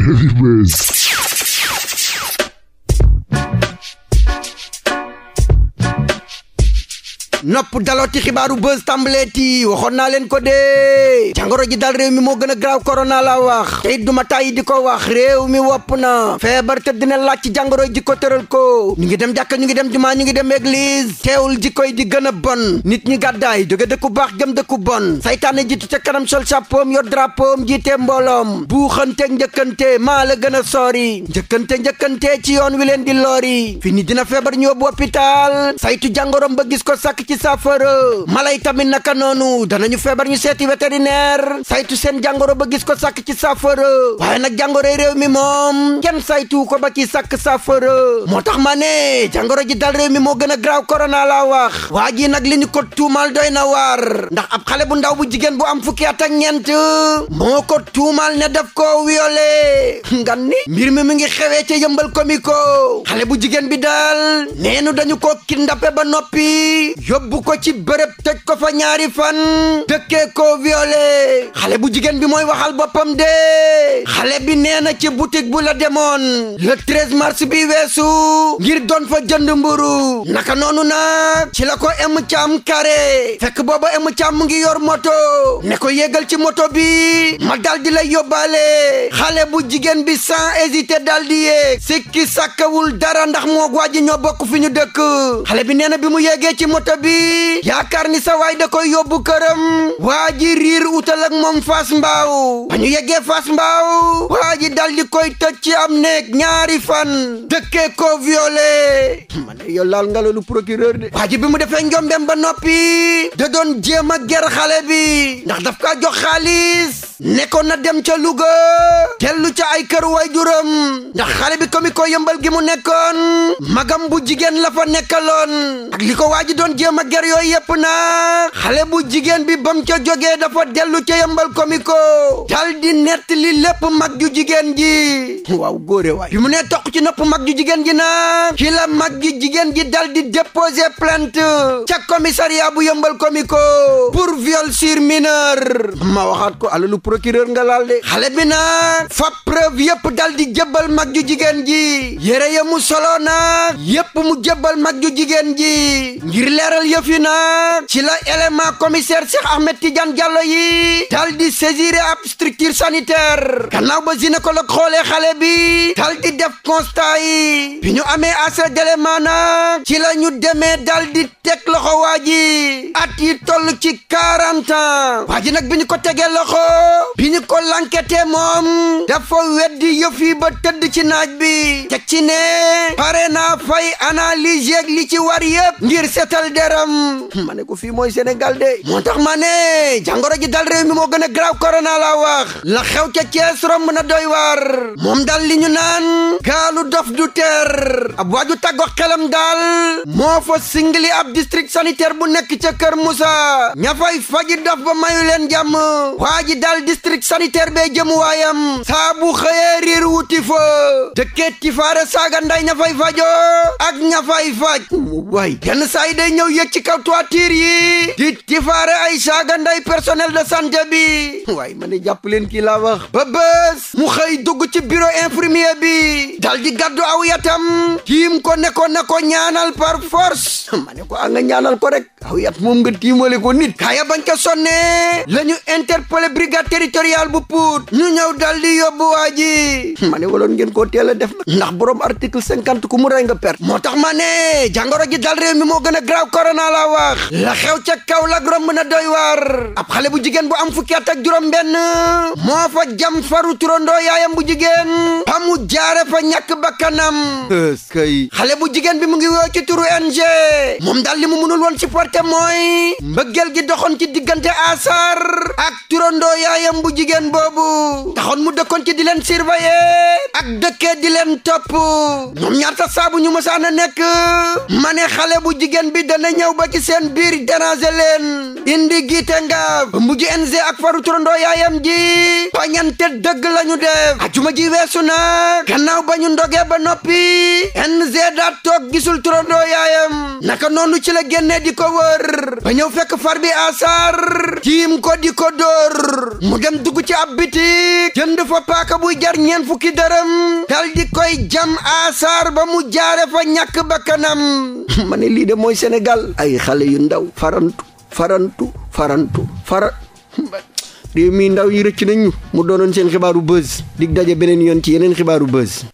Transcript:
Heavyweights. nopp dalooti xibaaru buzz tàmbaleeti waxoon naa leen ko dee jàngoro ji dal réew mi moo gën a graaw corona la wax te it duma tàyyi di ko wax réew mi wopp na feebar te dina laaj ci jàngoro ji ko tëral ko ñu ngi dem jàkka ñu ngi dem jumaa ñu ngi dem église teewul ji koy di gën a bon nit ñi gàddaay jóge dëkku baax jëm dëkku bon saytaane jiitu ca kanam sol chapeau yor drapeau jiite mbooloom buuxante njëkkante maa la gën a sori njëkkante njëkkante ci yoon wi leen di lori fi ni dina feebar ñu yóbbu hôpital saytu jàngoroom ba gis ko sàkk ci saafara mala yi tamit naka noonu danañu feebar ñu seeti vétérinaire saytu seen jàngoro ba gis ko sàkk ci saafara waaye nag jàngoro yi réew mi moom kenn saytu ko ba ci sàkk saafara moo tax ma ne jàngoro ji dal réew mi moo gën a graaw corona laa wax waa ji nag li ñu ko tuumal doy na waar ndax ab xale bu ndaw bu jigéen bu am fukki at ak ñeent moo ko tuumal ne daf ko violé nga ni mbir mi mu ngi xewee ca yëmbal komiko xale bu jigéen bi daal neenu dañu ko kindape ba no yóbbu ko ci bërëb tëj ko fa ñaari fan tëkkee koo violé xale bu jigéen bi mooy waxal boppam de xale bi nee na ci boutique bu la demoon le 13 mars bi weesu ngir doon fa jënd mburu naka noonu nag ci la ko em caam kare fekk booba em caam mu ngi yor moto ne ko yéegal ci moto bi ma dal di lay yóbbaale xale bu jigéen bi sans hésiter dal di yéeg sikki sàkkawul dara ndax moo waa ji bokk fi dëkk xale bi nee bi mu yéegee ci moto bi yaakaar ni sa waay da koy yóbbu këram waa ji riir utal ak moom fas mbaaw ba ñu yeggee fas mbaaw waa ji dal di koy tëj ci am neeg ñaari fan dëkkee ko violé ma ne yow laal nga loolu procureur de waa bi mu defee njom dem ba noppi da doon jéem a ger xale bi ndax daf kaa jox xaalis nekkoon na dem ca Louga tellu ca ay kër waajuram ndax xale bi komi ko gi mu nekkoon magam bu jigéen la fa nekkaloon ak li ko waa doon jéem a ger yooyu yëpp na xale bu jigéen bi bam ca jógee dafa dellu ca yëmbal komi ko dal di lépp mag ju jigéen ji waaw góore waay bi mu nee toq ci nopp mag ju jigéen ji na ci mag ju jigéen ji dal di déposer plainte ca commissariat bu yëmbal komi ko pour viol ma waxaat ko alalu procureur nga laal de xale bi nag fa preuve yëpp dal di jëbbal mag ju jigéen ji yére ya solo nag yëpp mu jëbbal mag ju jigéen ji ngir leeral yëf yi ci la élément commissaire Cheikh Ahmed Tidiane Diallo yi dal di saisir ab structure sanitaire gannaaw ba gynécologue xoolee xale bi dal di def constat yi bi ñu amee assez d'élément nag ci la ñu demee dal di loxo waa ji at yi toll ci quarante ans waa nag bi ñu ko tegee loxo bi ñu ko lankete moom dafa weddi yëf yi ci naaj bi ci ne pare naa fay analyse li ci war yëpp ngir setal deram hmm, ma ne ko fii mooy Sénégal de moo tax ma ne jàngoro ji dal réew mi moo gën a graaw corona laa wax la xew ca Cees romb na doy war moom dal li ñu naan gaalu dof du ter ab waaju tàggo xelam daal moo fa singli ab district sanitaire bu nekk ca Kër Moussa ña fay faji dof ba mayu leen jàmm waa ji dal district sanitaire bee jëm waayam saa bu wuti fa dëkkeet ci faare te saaga nday ña fay fajoo ak ña fay faj waay yenn day ñëw yëg ci kaw toiture yi di di faare ay saaga nday personnel de santé bi waay ma ne jàpp leen kii laa wax ba bés mu xëy dugg ci bureau infirmier bi dal di gàddu aw yatam tiim ko ne ko ne ñaanal par force ma ko ah, a ñaanal ko aw yat moom nga tiimale ko nit kaaya bañ ko sonne la ñu interpellé brigade territoriale bu Pout ñu ñëw dal di yóbbu waa ji ma waloon ngeen koo teel def nag ndax borom article cinquante ku mu rey nga perte moo tax ma ne jàngoro ji dal réew mi moo gën a graaw corona la wax la xew ca kaw la romb na doy waar ab xale bu jigéen bu am fukki at ak juróom benn moo fa jam faru turandoo yaayam bu jigéen amu jaare fa ñàkk bakkanam eskay xale bu jigéen bi mu ngi woo ci moom daal li mu mënul woon te mooy mbëggeel gi doxoon ci diggante Asar ak turandoo yaayam bu jigéen boobu taxoon mu dëkkoon ci di leen surveiller ak dëkkee di leen topp ñoom ñaata saabu ñu mësaan a nekk ma ne xale bu jigéen bi dana ñëw ba ci seen biir déranger leen indi giite ngaaf mujj NG ak faru turandoo yaayam ji bañante dëgg lañu def ajuma ji weesu na gannaaw ba ñu ndogee ba noppi NG daa toog gisul turandoo yaayam naka noonu ci la génnee di ko ba ñëw fekk far bi asar tiim ko di ko dóor mu dem dugg ci ab bitik jënd fa paaka buy jar ñeen fukki dërëm dal di koy jam asar ba mu jaare fa ñàkk bakkanam ma ne lii de mooy senegal ay xale yu ndaw farantu farantu farantu fara réew mi ndaw yi rëcc nañu mu doonoon seen xibaaru buzz dig daje beneen yoon ci yeneen xibaaru buzz